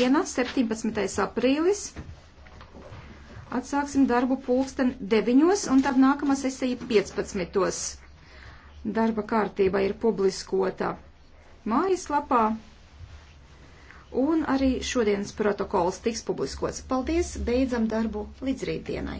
dienā, 17. aprīlis. Atsāksim darbu pulksten 9. un tad nākamā sesija 15. Darba kārtība ir publiskota mājaslapā. Un arī šodienas protokols tiks publiskots. Paldies, beidzam darbu līdz rītdienai.